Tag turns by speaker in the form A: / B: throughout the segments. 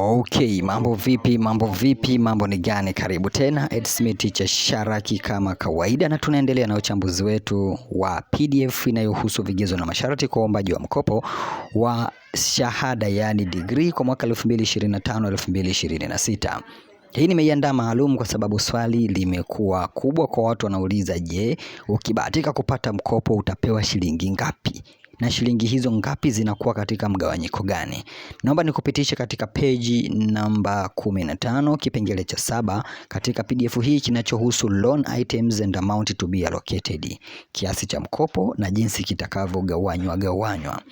A: Ok, mambo vipi? Mambo vipi? Mambo ni gani? Karibu tena Ed Smith teacher Sharaki kama kawaida, na tunaendelea na uchambuzi wetu wa PDF inayohusu vigezo na masharti kwa uombaji wa mkopo wa shahada yaani degree kwa mwaka 2025 2026. Hii nimeiandaa maalum kwa sababu swali limekuwa kubwa kwa watu wanauliza, je, ukibahatika kupata mkopo utapewa shilingi ngapi? na shilingi hizo ngapi zinakuwa katika mgawanyiko gani. Naomba nikupitishe katika peji namba 15 kipengele cha saba katika PDF hii kinachohusu loan items and amount to be allocated, kiasi cha mkopo na jinsi kitakavyogawanywa gawanywa.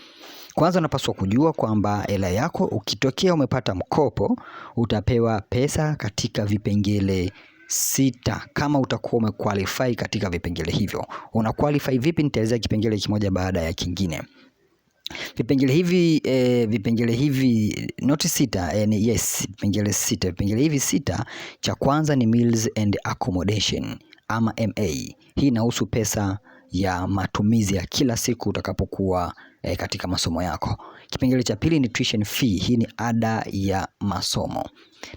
A: Kwanza unapaswa kujua kwamba hela yako ukitokea umepata mkopo utapewa pesa katika vipengele sita kama utakuwa umequalify katika vipengele hivyo. Una qualify vipi? Nitaelezea kipengele kimoja baada ya kingine. Vipengele hivi e, vipengele hivi not sita e, ni yes, vipengele sita. Vipengele hivi sita, cha kwanza ni meals and accommodation ama MA. Hii inahusu pesa ya matumizi ya kila siku utakapokuwa e, katika masomo yako. Kipengele cha pili ni tuition fee, hii ni ada ya masomo.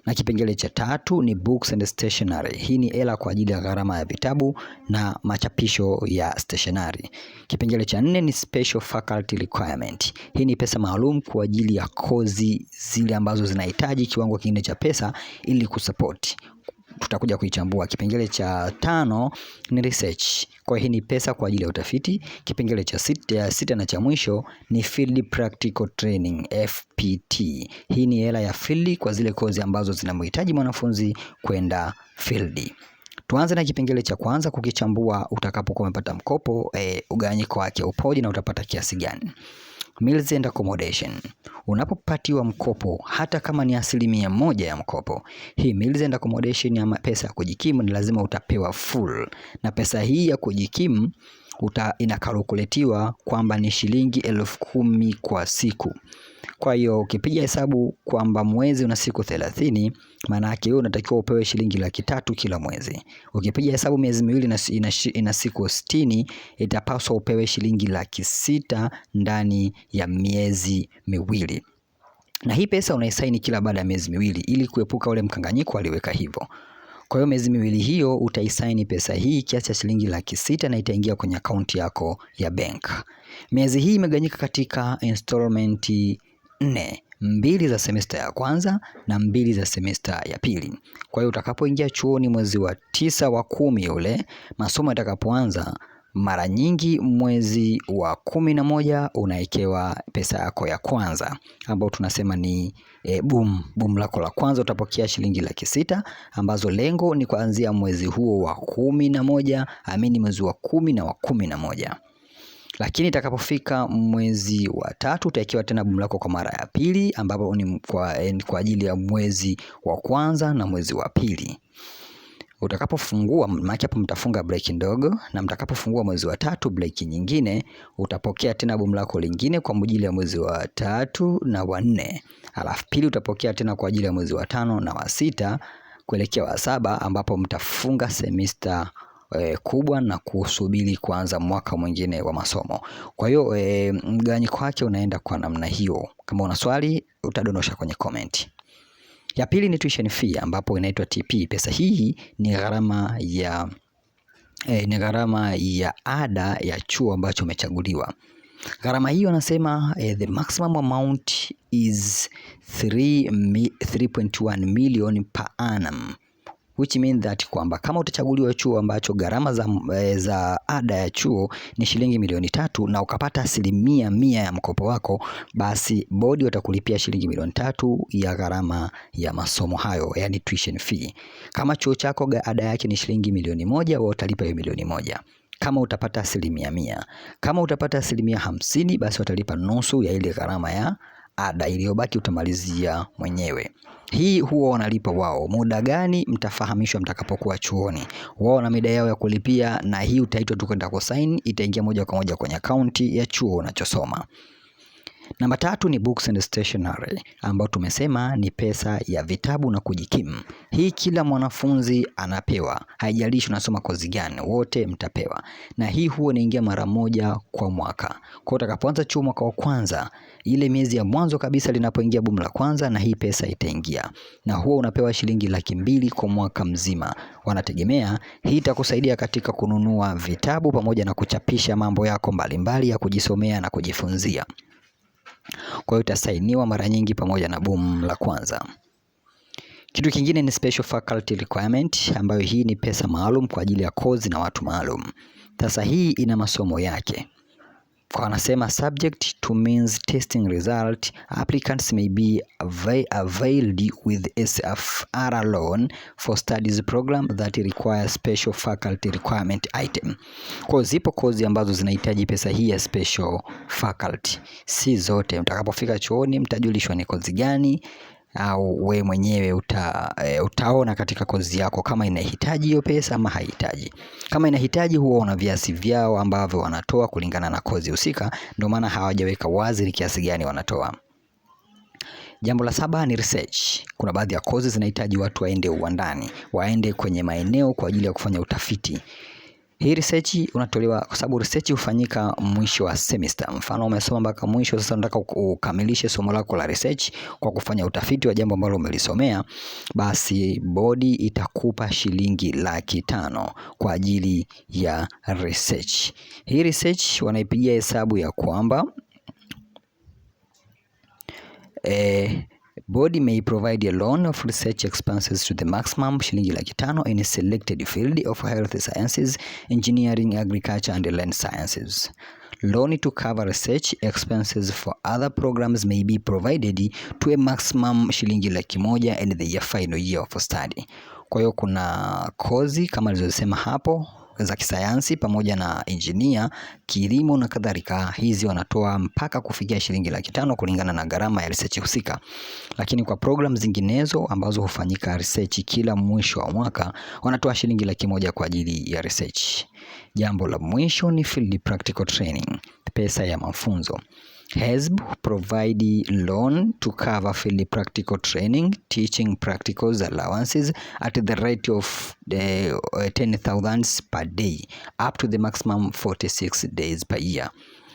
A: Na kipengele cha tatu ni books and stationery, hii ni hela kwa ajili ya gharama ya vitabu na machapisho ya stationery. Kipengele cha nne ni special faculty requirement, hii ni pesa maalum kwa ajili ya kozi zile ambazo zinahitaji kiwango kingine cha pesa ili kusupport tutakuja kuichambua. Kipengele cha tano ni research. Kwa hii ni pesa kwa ajili ya utafiti. Kipengele cha sita, sita na cha mwisho ni field practical training FPT. Hii ni hela ya field kwa zile kozi ambazo zinamhitaji mwanafunzi kwenda field. Tuanze na kipengele cha kwanza kukichambua, utakapokuwa umepata mkopo e, ugawanyiko wake upoje na utapata kiasi gani? Meals and accommodation. Unapopatiwa mkopo hata kama ni asilimia moja ya mkopo, hii meals and accommodation ya pesa ya kujikimu ni lazima utapewa full, na pesa hii ya kujikimu uta inakalkuletiwa kwamba ni shilingi elfu kumi kwa siku. Kwa hiyo ukipiga hesabu kwamba mwezi una siku thelathini, yake wewe unatakiwa upewe shilingi laki tatu kila mwezi. Ukipiga hesabu miezi miwili ina siku sitini, itapaswa upewe shilingi laki sita ndani ya miezi miwili na hii pesa unaisaini kila baada ya miezi miwili ili kuepuka ule mkanganyiko aliweka hivyo. Kwa hiyo miezi miwili hiyo utaisaini pesa hii kiasi cha shilingi laki sita na itaingia kwenye akaunti yako ya bank. Miezi hii imegawanyika katika installment nne, mbili za semesta ya kwanza na mbili za semesta ya pili. Kwa hiyo utakapoingia chuoni mwezi wa tisa wa kumi ule masomo yatakapoanza mara nyingi mwezi wa kumi na moja unaekewa pesa yako ya kwanza ambayo tunasema ni e, boom boom lako la kwanza. Utapokea shilingi laki sita ambazo lengo ni kuanzia mwezi huo wa kumi na moja amini mwezi wa kumi na wa kumi na moja. Lakini itakapofika mwezi wa tatu utaekewa tena bomu lako kwa mara ya pili, ambapo ni kwa, eh, kwa ajili ya mwezi wa kwanza na mwezi wa pili. Utakapofungua maki hapo mtafunga breki ndogo, na mtakapofungua mwezi wa tatu breki nyingine, utapokea tena bomu lako lingine kwa ajili ya mwezi wa tatu na wa nne, alafu pili utapokea tena kwa ajili ya mwezi wa tano na wa sita kuelekea wa saba, ambapo mtafunga semester e, kubwa na kusubiri kuanza mwaka mwingine wa masomo. Kwa hiyo e, mgawanyiko wake unaenda kwa namna hiyo. Kama una swali utadondosha kwenye comment. Ya pili ni tuition fee ambapo inaitwa TP. Pesa hii ni gharama ya e, ni gharama ya ada ya chuo ambacho umechaguliwa. Gharama hiyo anasema e, the maximum amount is 3.1 million per annum which mean that kwamba kama utachaguliwa chuo ambacho gharama za, eh, za ada ya chuo ni shilingi milioni tatu na ukapata asilimia mia ya mkopo wako, basi bodi watakulipia shilingi milioni tatu ya gharama ya masomo hayo, yani tuition fee. Kama chuo chako ada yake ni shilingi milioni moja, wao utalipa hiyo milioni moja kama utapata asilimia mia. Kama utapata asilimia hamsini, basi watalipa nusu ya ile gharama ya ada, iliyobaki utamalizia mwenyewe. Hii huwa wanalipa wao. Muda gani mtafahamishwa mtakapokuwa chuoni. Wao wana mida yao ya kulipia, na hii utaitwa tu kwenda kusaini, itaingia moja kwa moja kwenye akaunti ya chuo unachosoma. Namba tatu ni books and stationery, ambao tumesema ni pesa ya vitabu na kujikimu. Hii kila mwanafunzi anapewa, haijalishi unasoma kozi gani, wote mtapewa, na hii huwa inaingia mara moja kwa mwaka. Kwa utakapoanza chuo mwaka wa kwanza, ile miezi ya mwanzo kabisa linapoingia bomu la kwanza, na hii pesa itaingia, na huwa unapewa shilingi laki mbili kwa mwaka mzima. Wanategemea hii itakusaidia katika kununua vitabu pamoja na kuchapisha mambo yako mbalimbali mbali ya kujisomea na kujifunzia. Kwa hiyo itasainiwa mara nyingi pamoja na boom la kwanza. Kitu kingine ni special faculty requirement, ambayo hii ni pesa maalum kwa ajili ya kozi na watu maalum. Sasa hii ina masomo yake wanasema subject to means testing result applicants may be availed with SFR loan for studies program that require special faculty requirement item. Kwa zipo kozi ambazo zinahitaji pesa hii ya special faculty, si zote. Mtakapofika chuoni mtajulishwa ni kozi gani au we mwenyewe uta, e, utaona katika kozi yako kama inahitaji hiyo pesa ama haihitaji. Kama inahitaji huwa wana viasi vyao ambavyo wanatoa kulingana na kozi husika, ndio maana hawajaweka wazi ni kiasi gani wanatoa. Jambo la saba ni research. Kuna baadhi ya kozi zinahitaji watu waende uwandani, waende kwenye maeneo kwa ajili ya kufanya utafiti. Hii research unatolewa kwa sababu research hufanyika mwisho wa semester. Mfano umesoma mpaka mwisho, sasa unataka ukamilishe somo lako la research kwa kufanya utafiti wa jambo ambalo umelisomea, basi bodi itakupa shilingi laki tano kwa ajili ya research. Hii research wanaipigia hesabu ya kwamba eh, Board may provide a loan of research expenses to the maximum shilingi laki tano in a selected field of health sciences, engineering, agriculture and land sciences. Loan to cover research expenses for other programs may be provided to a maximum shilingi laki moja in the final year of study. Kwa hiyo kuna kozi kama alizosema hapo za kisayansi pamoja na injinia, kilimo na kadhalika. Hizi wanatoa mpaka kufikia shilingi laki tano kulingana na gharama ya research husika. Lakini kwa program zinginezo ambazo hufanyika research kila mwisho wa mwaka, wanatoa shilingi laki moja kwa ajili ya research. Jambo la mwisho ni field practical training, pesa ya mafunzo. HESB provide loan to cover field practical training, teaching practicals allowances at the rate of eh, the 10,000 per day up to the maximum 46 days per year.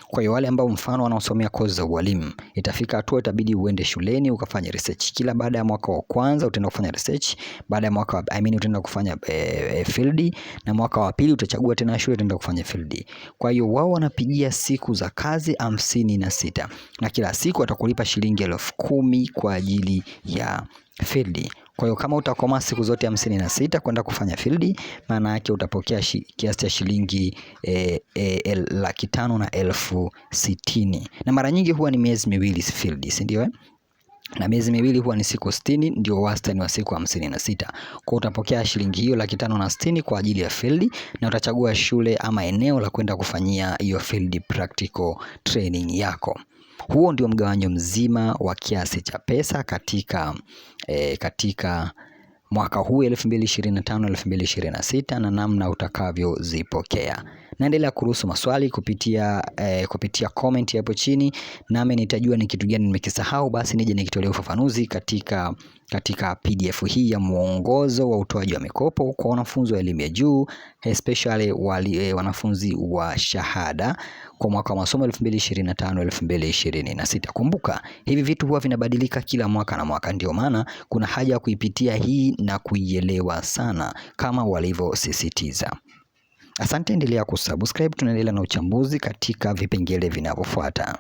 A: Kwa hiyo wale ambao mfano wanaosomea kozi za ualimu, itafika hatua itabidi uende shuleni ukafanye research. Kila baada ya mwaka wa kwanza utaenda kufanya research, baada ya mwaka I mean utaenda kufanya e, field na mwaka wa pili utachagua tena shule utaenda kufanya field. Kwa hiyo wao wanapigia siku za kazi hamsini na sita na kila siku atakulipa shilingi elfu kumi kwa ajili ya field. Kwa hiyo kama utakoma siku zote hamsini na sita kwenda kufanya field, maana yake utapokea shi, kiasi cha shilingi e, e, laki tano na elfu sitini na mara nyingi huwa ni miezi miwili field, si ndio? Eh? na miezi miwili huwa ni siku sitini ndio wastani wa siku hamsini na sita kwa utapokea shilingi hiyo laki tano na sitini kwa ajili ya field, na utachagua shule ama eneo la kwenda kufanyia hiyo field practical training yako. Huo ndio mgawanyo mzima wa kiasi cha pesa katika, e, katika mwaka huu 2025 2026 na namna utakavyozipokea naendelea kuruhusu maswali kupitia eh, kupitia comment hapo chini, nami nitajua ni kitu gani nimekisahau, basi nije nikitolea ufafanuzi katika katika PDF hii ya mwongozo wa utoaji wa mikopo kwa wanafunzi wa elimu ya juu especially wali, eh, wanafunzi wa shahada kwa mwaka wa masomo 2025 2026. Kumbuka hivi vitu huwa vinabadilika kila mwaka na mwaka, ndio maana kuna haja ya kuipitia hii na kuielewa sana kama walivyosisitiza. Asante, endelea kusubscribe. Tunaendelea na uchambuzi katika vipengele vinavyofuata.